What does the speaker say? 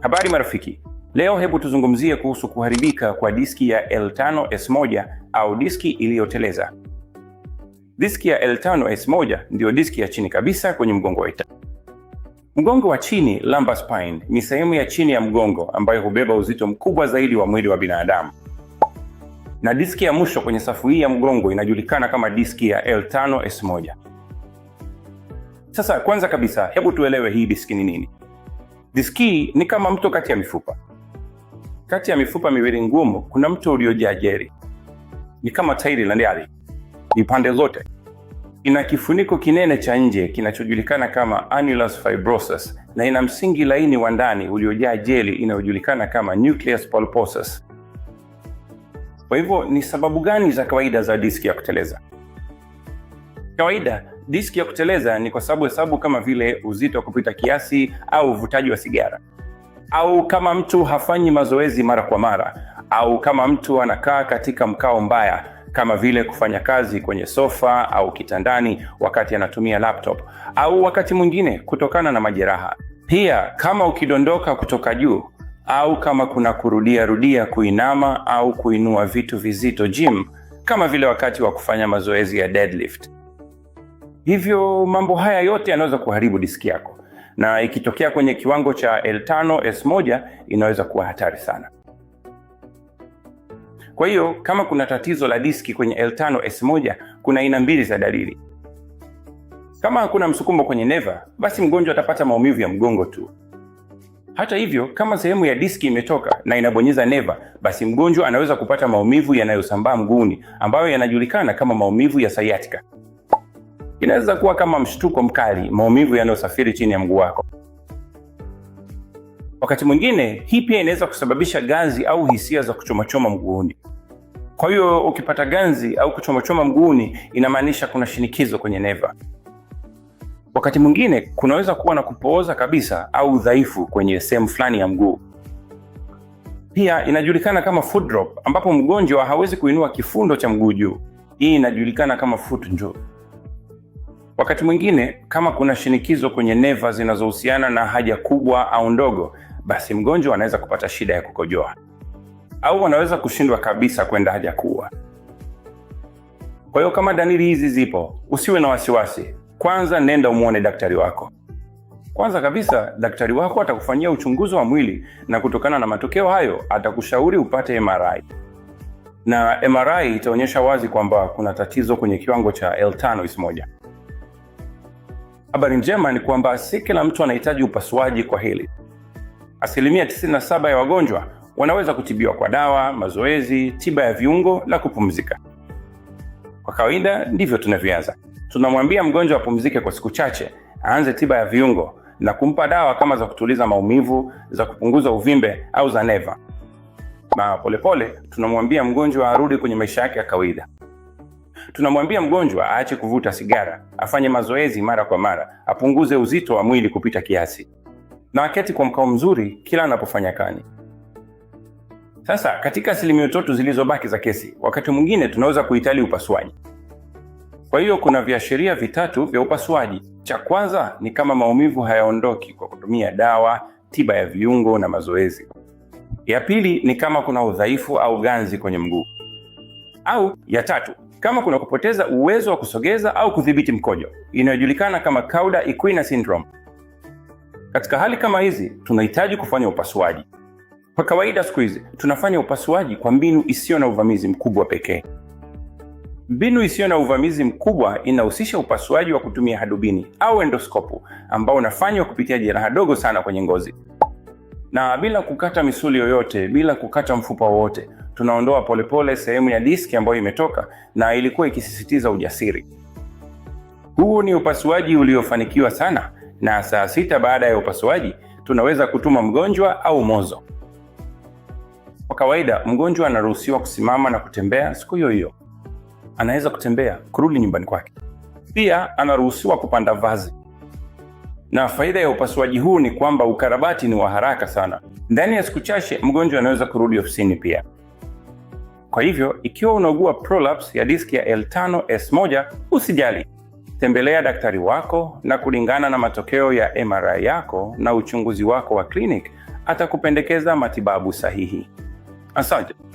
Habari marafiki, leo hebu tuzungumzie kuhusu kuharibika kwa diski ya L5S1 au diski iliyoteleza. Diski ya L5S1 ndiyo diski ya chini kabisa kwenye mgongo wa Mgongo wa chini lumbar spine ni sehemu ya chini ya mgongo ambayo hubeba uzito mkubwa zaidi wa mwili wa binadamu, na diski ya mwisho kwenye safu hii ya mgongo inajulikana kama diski ya L5S1. Sasa kwanza kabisa, hebu tuelewe hii diski ni nini. Diski ni kama mto kati ya mifupa. Kati ya mifupa miwili ngumu kuna mto uliojaa jeri, ni kama tairi la gari, ni pande zote. Ina kifuniko kinene cha nje kinachojulikana kama annulus fibrosus na ina msingi laini wa ndani uliojaa jeli inayojulikana kama nucleus pulposus. Kwa hivyo, ni sababu gani za kawaida za diski ya kuteleza? Kawaida diski ya kuteleza ni kwa sababu hesabu kama vile uzito wa kupita kiasi au uvutaji wa sigara au kama mtu hafanyi mazoezi mara kwa mara au kama mtu anakaa katika mkao mbaya kama vile kufanya kazi kwenye sofa au kitandani wakati anatumia laptop au wakati mwingine kutokana na majeraha. Pia kama ukidondoka kutoka juu au kama kuna kurudia rudia kuinama au kuinua vitu vizito gym, kama vile wakati wa kufanya mazoezi ya deadlift. Hivyo mambo haya yote yanaweza kuharibu diski yako, na ikitokea kwenye kiwango cha L5 S1 inaweza kuwa hatari sana. Kwa hiyo kama kuna tatizo la diski kwenye L5 S1, kuna aina mbili za dalili. Kama hakuna msukumo kwenye neva, basi mgonjwa atapata maumivu ya mgongo tu. Hata hivyo, kama sehemu ya diski imetoka na inabonyeza neva, basi mgonjwa anaweza kupata maumivu yanayosambaa mguuni ambayo yanajulikana kama maumivu ya sayatika inaweza kuwa kama mshtuko mkali, maumivu yanayosafiri chini ya mguu wako. Wakati mwingine hii pia inaweza kusababisha ganzi au hisia za kuchomachoma mguuni. Kwa hiyo ukipata ganzi au kuchomachoma mguuni, inamaanisha kuna shinikizo kwenye neva. Wakati mwingine kunaweza kuwa na kupooza kabisa au udhaifu kwenye sehemu fulani ya mguu. Pia inajulikana kama foot drop, ambapo mgonjwa hawezi kuinua kifundo cha mguu juu. Hii inajulikana kama foot drop. Wakati mwingine kama kuna shinikizo kwenye neva zinazohusiana na haja kubwa au ndogo, basi mgonjwa anaweza kupata shida ya kukojoa au wanaweza kushindwa kabisa kwenda haja kubwa. Kwa hiyo kama dalili hizi zipo, usiwe na wasiwasi. Kwanza nenda umwone daktari wako. Kwanza kabisa, daktari wako atakufanyia uchunguzi wa mwili na kutokana na matokeo hayo atakushauri upate MRI na MRI itaonyesha wazi kwamba kuna tatizo kwenye kiwango cha L5 S1. Habari njema ni kwamba si kila mtu anahitaji upasuaji kwa hili. Asilimia 97 ya wagonjwa wanaweza kutibiwa kwa dawa, mazoezi, tiba ya viungo na kupumzika. Kwa kawaida ndivyo tunavyoanza. Tunamwambia mgonjwa apumzike kwa siku chache, aanze tiba ya viungo na kumpa dawa kama za kutuliza maumivu, za kupunguza uvimbe au za neva, na polepole tunamwambia mgonjwa arudi kwenye maisha yake ya kawaida. Tunamwambia mgonjwa aache kuvuta sigara, afanye mazoezi mara kwa mara, apunguze uzito wa mwili kupita kiasi, na aketi kwa mkao mzuri kila anapofanya kani. Sasa katika asilimia tatu zilizobaki za kesi, wakati mwingine tunaweza kuhitaji upasuaji. Kwa hiyo kuna viashiria vitatu vya upasuaji. Cha kwanza ni kama maumivu hayaondoki kwa kutumia dawa, tiba ya viungo na mazoezi. Ya pili ni kama kuna udhaifu au ganzi kwenye mguu, au ya tatu kama kuna kupoteza uwezo wa kusogeza au kudhibiti mkojo inayojulikana kama Cauda equina syndrome. Katika hali kama hizi tunahitaji kufanya upasuaji. Kwa kawaida siku hizi tunafanya upasuaji kwa mbinu isiyo na uvamizi mkubwa pekee. Mbinu isiyo na uvamizi mkubwa inahusisha upasuaji wa kutumia hadubini au endoskopu ambao unafanywa kupitia jeraha dogo sana kwenye ngozi na bila kukata misuli yoyote, bila kukata mfupa wowote, tunaondoa polepole sehemu ya diski ambayo imetoka, na ilikuwa ikisisitiza ujasiri. Huu ni upasuaji uliofanikiwa sana, na saa sita baada ya upasuaji tunaweza kutuma mgonjwa au mozo. Kwa kawaida mgonjwa anaruhusiwa kusimama na kutembea siku hiyo hiyo, anaweza kutembea kurudi nyumbani kwake. Pia anaruhusiwa kupanda vazi. Na faida ya upasuaji huu ni kwamba ukarabati ni wa haraka sana. Ndani ya siku chache mgonjwa anaweza kurudi ofisini pia. Kwa hivyo ikiwa unaugua prolapse ya diski ya L5 S1, usijali, tembelea daktari wako, na kulingana na matokeo ya MRI yako na uchunguzi wako wa clinic, atakupendekeza matibabu sahihi. Asante.